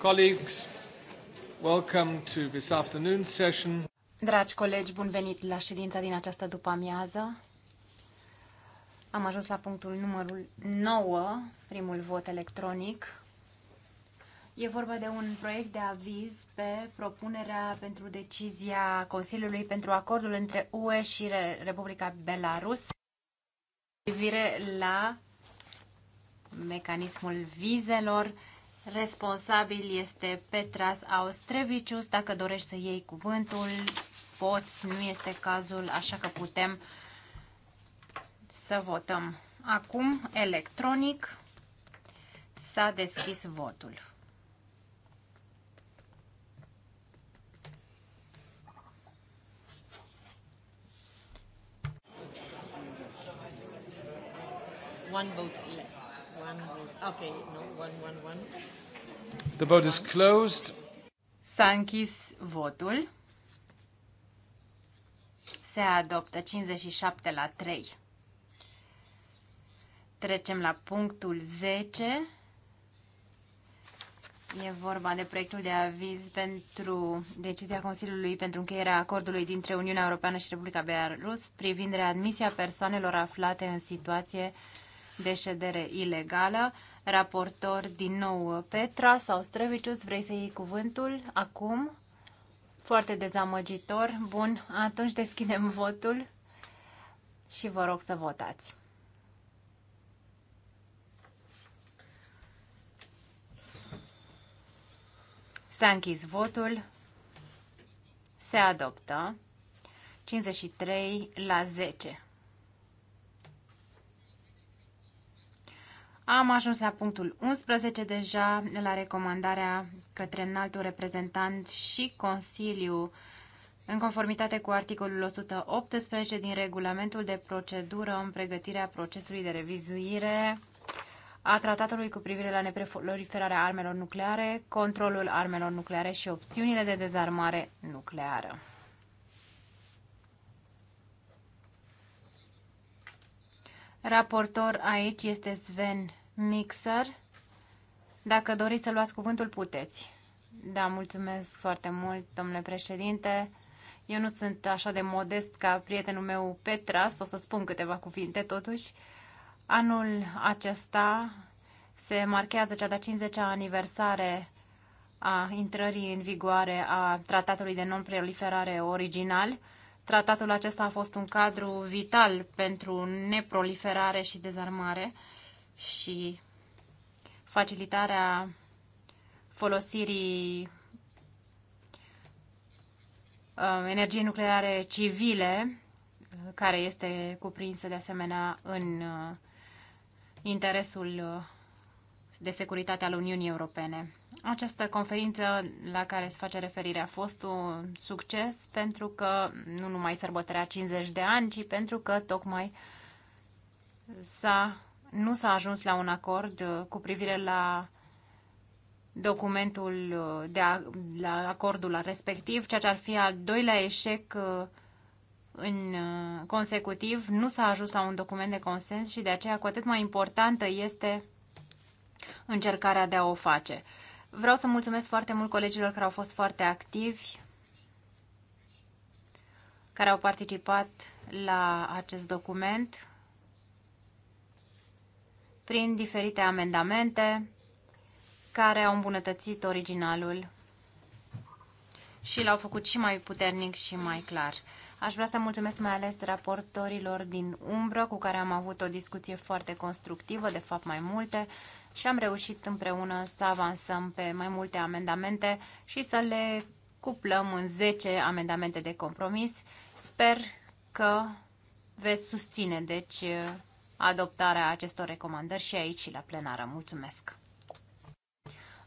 Colleagues, welcome to this afternoon session. Dragi colegi, bun venit la ședința din această după-amiază. Am ajuns la punctul numărul 9, primul vot electronic. E vorba de un proiect de aviz pe propunerea pentru decizia Consiliului pentru acordul între UE și Republica Belarus privire la mecanismul vizelor responsabil este Petras Austrevicius. Dacă dorești să iei cuvântul, poți, nu este cazul, așa că putem să votăm. Acum, electronic, s-a deschis votul. One vote Okay, no, one, one, one. The vote is closed. S-a închis votul. Se adoptă 57 la 3. Trecem la punctul 10. E vorba de proiectul de aviz pentru decizia Consiliului pentru încheierea acordului dintre Uniunea Europeană și Republica Belarus privind readmisia persoanelor aflate în situație de ședere ilegală raportor din nou Petra sau Străvicius, vrei să iei cuvântul acum? Foarte dezamăgitor. Bun, atunci deschidem votul și vă rog să votați. S-a închis votul. Se adoptă 53 la 10. Am ajuns la punctul 11 deja, la recomandarea către înaltul reprezentant și Consiliu în conformitate cu articolul 118 din regulamentul de procedură în pregătirea procesului de revizuire a tratatului cu privire la neproliferarea armelor nucleare, controlul armelor nucleare și opțiunile de dezarmare nucleară. Raportor aici este Sven Mixer. Dacă doriți să luați cuvântul, puteți. Da, mulțumesc foarte mult, domnule președinte. Eu nu sunt așa de modest ca prietenul meu Petras, o să spun câteva cuvinte totuși. Anul acesta se marchează cea de-a 50-a aniversare a intrării în vigoare a Tratatului de Non-Proliferare Original. Tratatul acesta a fost un cadru vital pentru neproliferare și dezarmare și facilitarea folosirii uh, energiei nucleare civile, uh, care este cuprinsă de asemenea în uh, interesul de securitate al Uniunii Europene. Această conferință la care se face referire a fost un succes pentru că nu numai sărbătorea 50 de ani, ci pentru că tocmai s-a nu s-a ajuns la un acord uh, cu privire la documentul uh, de a, la acordul respectiv, ceea ce ar fi al doilea eșec uh, în consecutiv, nu s-a ajuns la un document de consens și de aceea cu atât mai importantă este încercarea de a o face. Vreau să mulțumesc foarte mult colegilor care au fost foarte activi, care au participat la acest document prin diferite amendamente care au îmbunătățit originalul și l-au făcut și mai puternic și mai clar. Aș vrea să mulțumesc mai ales raportorilor din umbră cu care am avut o discuție foarte constructivă, de fapt mai multe, și am reușit împreună să avansăm pe mai multe amendamente și să le cuplăm în 10 amendamente de compromis. Sper că veți susține, deci, adoptarea acestor recomandări și aici și la plenară. Mulțumesc!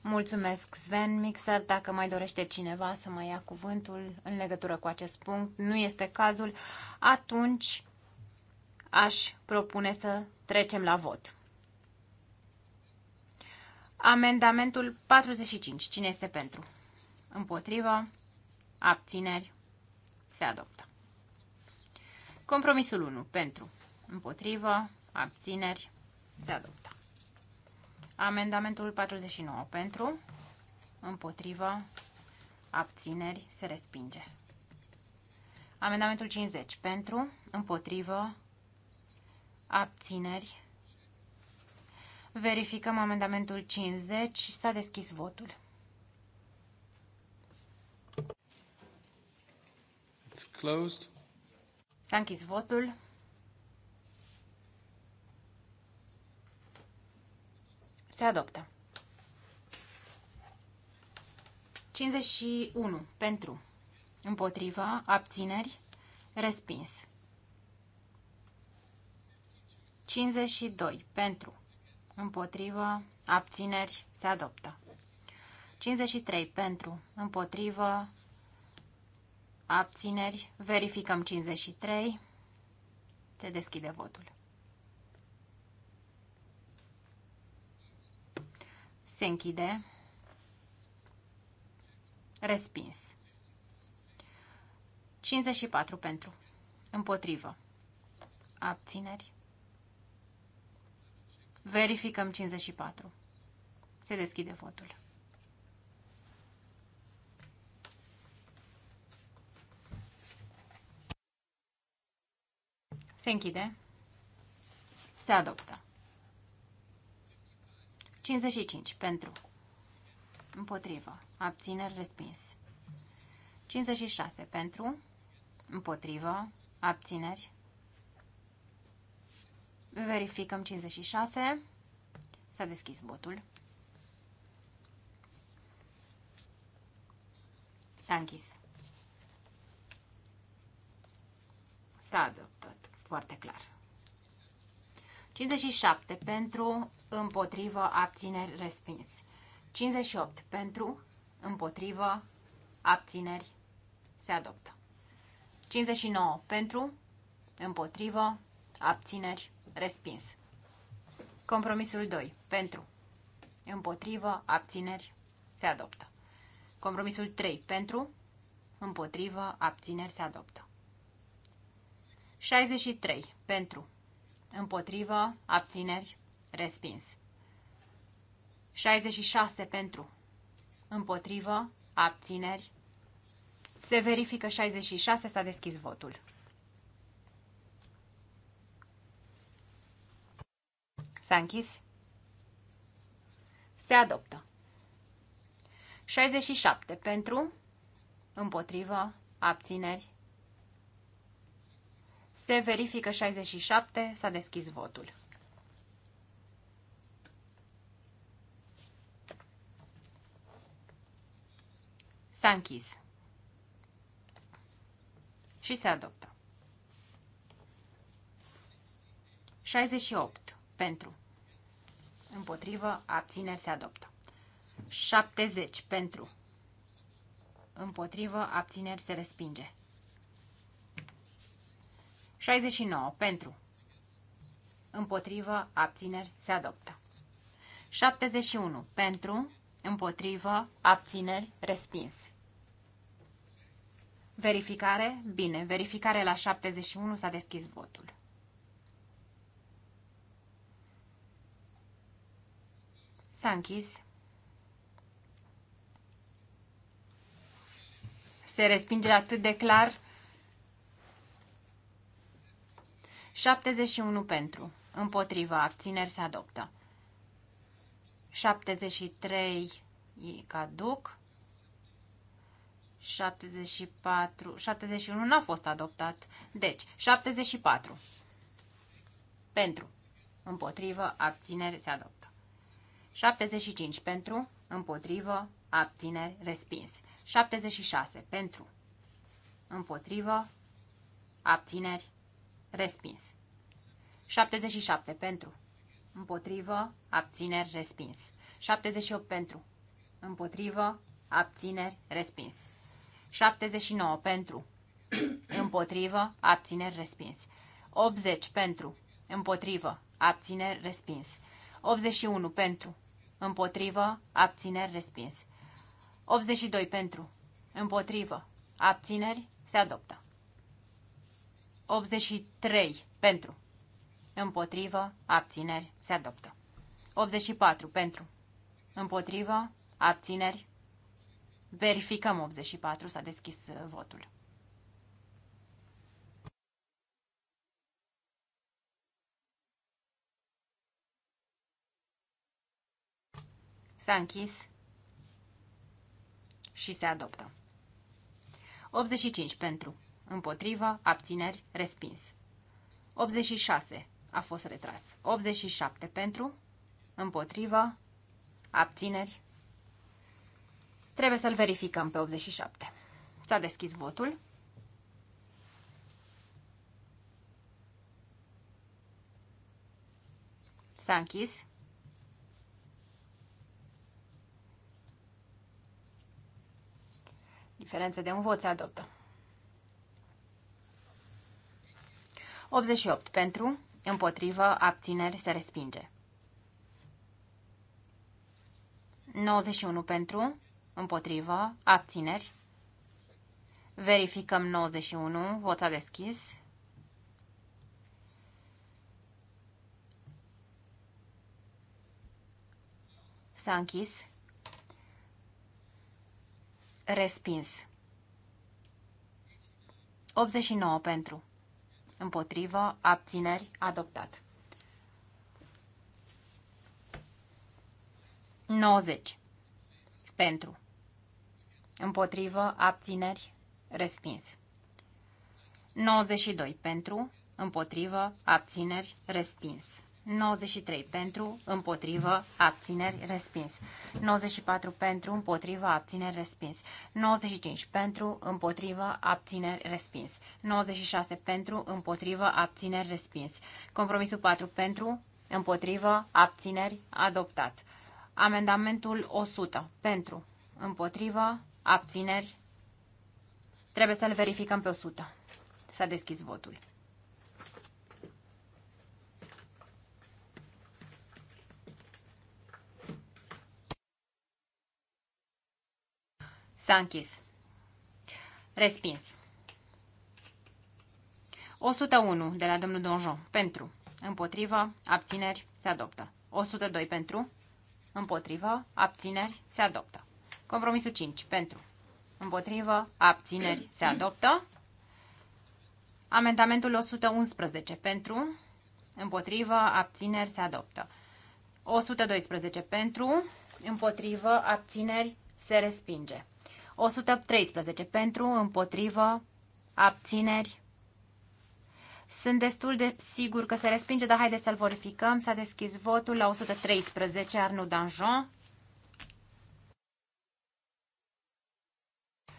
Mulțumesc, Sven Mixer. Dacă mai dorește cineva să mai ia cuvântul în legătură cu acest punct, nu este cazul, atunci aș propune să trecem la vot. Amendamentul 45. Cine este pentru? Împotrivă? Abțineri? Se adoptă. Compromisul 1. Pentru. Împotrivă? abțineri, se adoptă. Amendamentul 49 pentru, împotrivă, abțineri, se respinge. Amendamentul 50 pentru, împotrivă, abțineri. Verificăm amendamentul 50 și s-a deschis votul. S-a închis votul. Se adoptă. 51 pentru. Împotriva. Abțineri. Respins. 52 pentru. Împotriva. Abțineri. Se adoptă. 53 pentru. Împotriva. Abțineri. Verificăm 53. Se deschide votul. Se închide. Respins. 54 pentru. Împotrivă. Abțineri. Verificăm 54. Se deschide votul. Se închide. Se adoptă. 55 pentru. Împotrivă. Abțineri respins. 56 pentru. Împotrivă. Abțineri. Verificăm 56. S-a deschis botul. S-a închis. S-a adoptat foarte clar. 57 pentru, împotrivă, abțineri, respins. 58 pentru, împotrivă, abțineri, se adoptă. 59 pentru, împotrivă, abțineri, respins. Compromisul 2 pentru, împotrivă, abțineri, se adoptă. Compromisul 3 pentru, împotrivă, abțineri, se adoptă. 63 pentru, împotrivă, abțineri, respins. 66 pentru, împotrivă, abțineri. Se verifică 66, s-a deschis votul. S-a închis. Se adoptă. 67 pentru, împotrivă, abțineri, se verifică 67, s-a deschis votul. S-a închis. Și se adoptă. 68 pentru. Împotrivă, abțineri se adoptă. 70 pentru. Împotrivă, abțineri se respinge. 69 pentru. Împotrivă, abțineri, se adoptă. 71 pentru, împotrivă, abțineri, respins. Verificare? Bine, verificare la 71 s-a deschis votul. S-a închis. Se respinge atât de clar 71 pentru, împotriva, abțineri se adoptă. 73 caduc. 74, 71 n-a fost adoptat. Deci, 74 pentru, împotrivă, abțineri se adoptă. 75 pentru, împotrivă, abțineri, respins. 76 pentru, împotrivă, abțineri, Respins. 77 pentru. Împotrivă. Abțineri. Respins. 78 pentru. Împotrivă. Abțineri. Respins. 79 pentru. Împotrivă. Abțineri. Respins. 80 pentru. Împotrivă. Abțineri. Respins. 81 pentru. Împotrivă. Abțineri. Respins. 82 pentru. Împotrivă. Abțineri. Se adoptă. 83 pentru. Împotrivă, abțineri, se adoptă. 84 pentru. Împotrivă, abțineri. Verificăm 84, s-a deschis uh, votul. S-a închis și se adoptă. 85 pentru. Împotrivă. Abțineri. Respins. 86. A fost retras. 87 pentru. Împotrivă. Abțineri. Trebuie să-l verificăm pe 87. S-a deschis votul. S-a închis. Diferență de un vot se adoptă. 88 pentru, împotrivă, abțineri, se respinge. 91 pentru, împotrivă, abțineri. Verificăm 91, vot a deschis. S-a închis. Respins. 89 pentru împotrivă, abțineri, adoptat. 90. Pentru. Împotrivă, abțineri, respins. 92. Pentru, împotrivă, abțineri, respins. 93 pentru, împotrivă, abțineri, respins. 94 pentru, împotrivă, abțineri, respins. 95 pentru, împotrivă, abțineri, respins. 96 pentru, împotrivă, abțineri, respins. Compromisul 4 pentru, împotrivă, abțineri, adoptat. Amendamentul 100 pentru, împotrivă, abțineri. Trebuie să-l verificăm pe 100. S-a deschis votul. S-a închis. Respins. 101 de la domnul Donjon. Pentru. Împotrivă. Abțineri. Se adoptă. 102 pentru. Împotrivă. Abțineri. Se adoptă. Compromisul 5. Pentru. Împotrivă. Abțineri. Se adoptă. Amendamentul 111. Pentru. Împotrivă. Abțineri. Se adoptă. 112 pentru. Împotrivă. Abțineri. Se respinge. 113 pentru, împotrivă, abțineri. Sunt destul de sigur că se respinge, dar haideți să-l verificăm. S-a deschis votul la 113 Arnaud Danjon.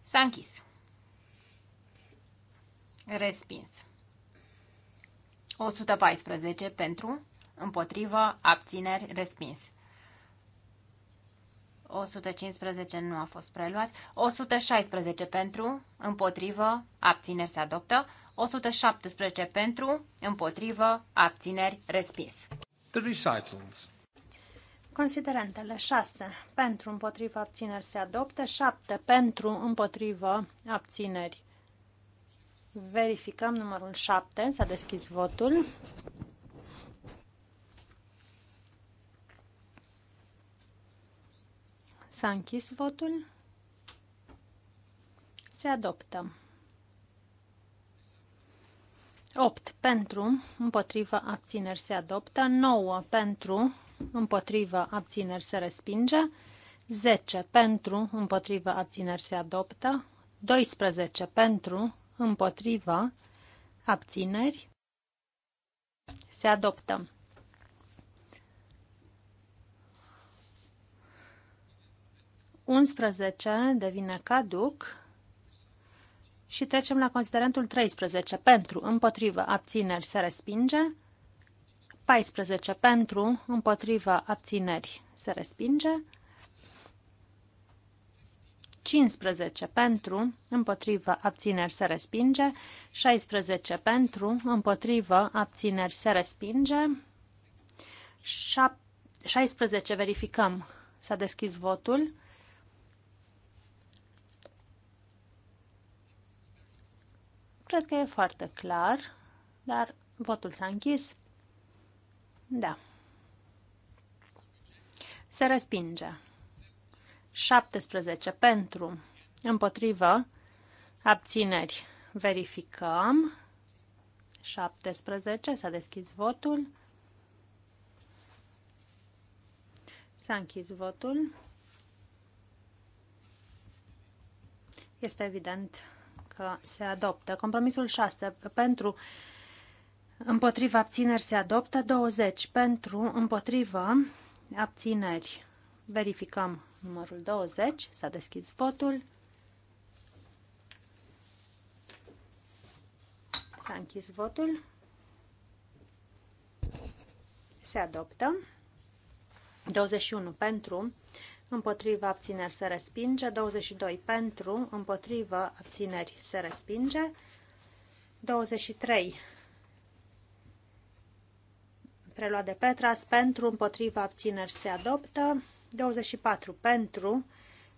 S-a închis. Respins. 114 pentru, împotrivă, abțineri, respins. 115 nu a fost preluat. 116 pentru, împotrivă, abțineri se adoptă. 117 pentru, împotrivă, abțineri, respins. The recitals. Considerentele 6. Pentru împotriva abțineri se adoptă, 7. Pentru împotriva abțineri. Verificăm numărul 7. S-a deschis votul. S-a închis votul. Se adoptă. 8 pentru, împotrivă, abțineri se adoptă. 9 pentru, împotrivă, abțineri se respinge. 10 pentru, împotrivă, abțineri se adoptă. 12 pentru, împotrivă, abțineri se adoptă. 11 devine caduc și trecem la considerentul 13. Pentru, împotrivă, abțineri se respinge. 14 pentru, împotrivă, abțineri se respinge. 15 pentru, împotrivă, abțineri se respinge, 16 pentru, împotrivă, abțineri se respinge, 16 verificăm, s-a deschis votul, Cred că e foarte clar, dar votul s-a închis. Da. Se respinge. 17 pentru, împotrivă, abțineri. Verificăm. 17, s-a deschis votul. S-a închis votul. Este evident că se adoptă. Compromisul 6 pentru împotriva abțineri se adoptă. 20 pentru împotriva abțineri. Verificăm numărul 20. S-a deschis votul. S-a închis votul. Se adoptă. 21 pentru, împotriva abțineri se respinge, 22 pentru, împotrivă abțineri se respinge, 23 preluat de Petras, pentru, împotriva abțineri se adoptă, 24 pentru,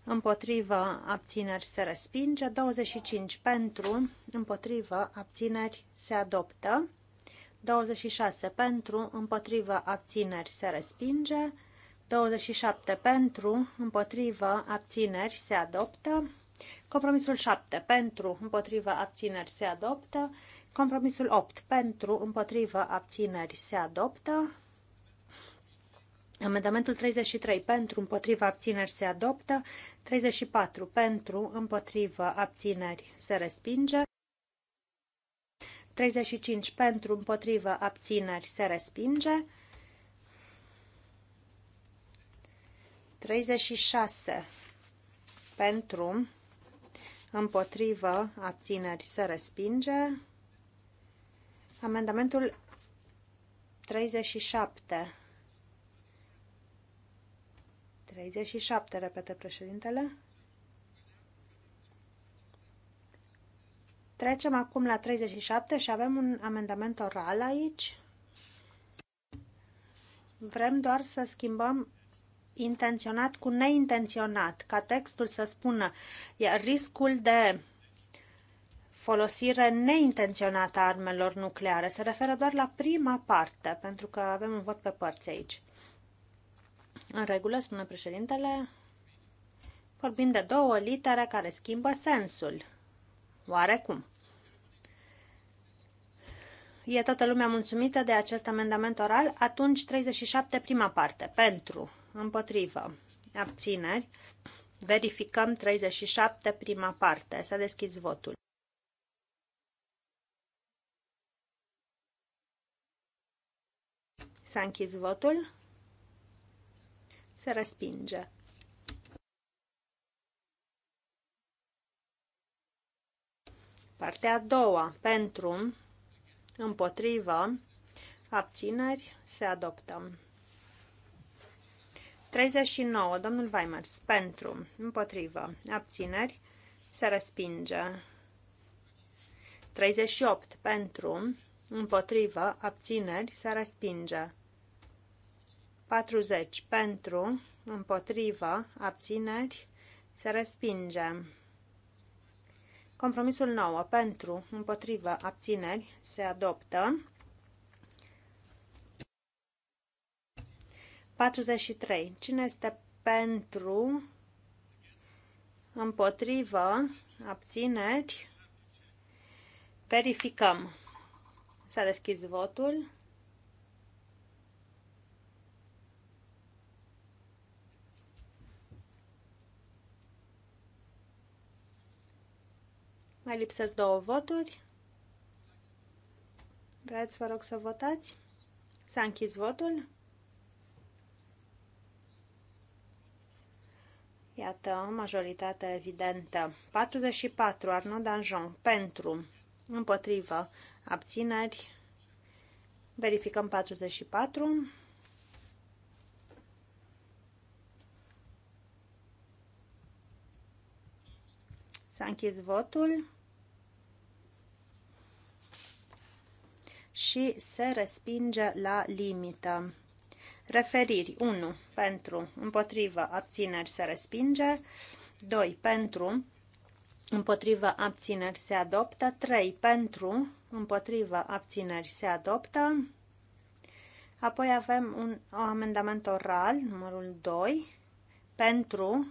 împotrivă abțineri se respinge, 25 pentru, împotrivă abțineri se adoptă, 26 pentru, împotrivă abțineri se respinge, 27 pentru, împotrivă, abțineri, se adoptă. Compromisul 7 pentru, împotrivă, abțineri, se adoptă. Compromisul 8 pentru, împotrivă, abțineri, se adoptă. Amendamentul 33 pentru, împotriva abțineri se adoptă, 34 pentru, împotriva abțineri se respinge, 35 pentru, împotriva abțineri se respinge, 36 pentru, împotrivă, abțineri, să respinge. Amendamentul 37. 37, repete președintele. Trecem acum la 37 și avem un amendament oral aici. Vrem doar să schimbăm intenționat cu neintenționat, ca textul să spună, iar riscul de folosire neintenționată a armelor nucleare se referă doar la prima parte, pentru că avem un vot pe părți aici. În regulă, spune președintele, vorbim de două litere care schimbă sensul. Oarecum. E toată lumea mulțumită de acest amendament oral? Atunci 37, prima parte. Pentru împotrivă, abțineri. Verificăm 37, prima parte. S-a deschis votul. S-a închis votul. Se respinge. Partea a doua, pentru, împotrivă, abțineri, se adoptă. 39. Domnul Weimers. Pentru. Împotrivă. Abțineri. Se respinge. 38. Pentru. Împotrivă. Abțineri. Se respinge. 40. Pentru. Împotrivă. Abțineri. Se respinge. Compromisul 9. Pentru. Împotrivă. Abțineri. Se adoptă. 43. Cine este pentru, împotrivă, abțineri? Verificăm. S-a deschis votul. Mai lipsesc două voturi. Vreți, vă rog, să votați? S-a închis votul. Iată o majoritate evidentă. 44. Arnaud Danjon. Pentru. Împotrivă. Abțineri. Verificăm 44. S-a închis votul. și se respinge la limită. Referiri 1. Pentru, împotrivă, abțineri se respinge. 2. Pentru, împotrivă, abțineri se adoptă. 3. Pentru, împotrivă, abțineri se adoptă. Apoi avem un amendament oral, numărul 2. Pentru,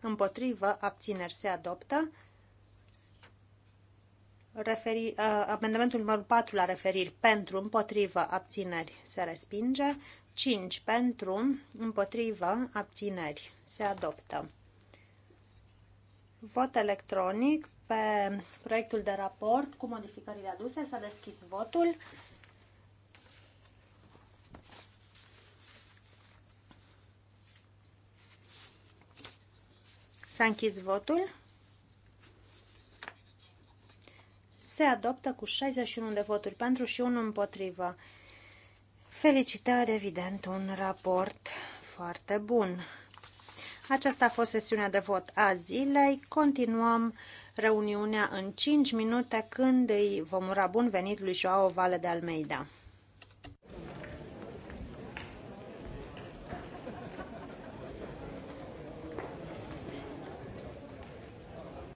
împotrivă, abțineri se adoptă. Referi, uh, amendamentul numărul 4 la referiri pentru, împotrivă, abțineri se respinge. 5 pentru, împotrivă, abțineri. Se adoptă. Vot electronic pe proiectul de raport cu modificările aduse. S-a deschis votul. S-a închis votul. Se adoptă cu 61 de voturi pentru și 1 împotrivă. Felicitări, evident, un raport foarte bun. Aceasta a fost sesiunea de vot a zilei. Continuăm reuniunea în 5 minute când îi vom ura bun venit lui Joao Vale de Almeida.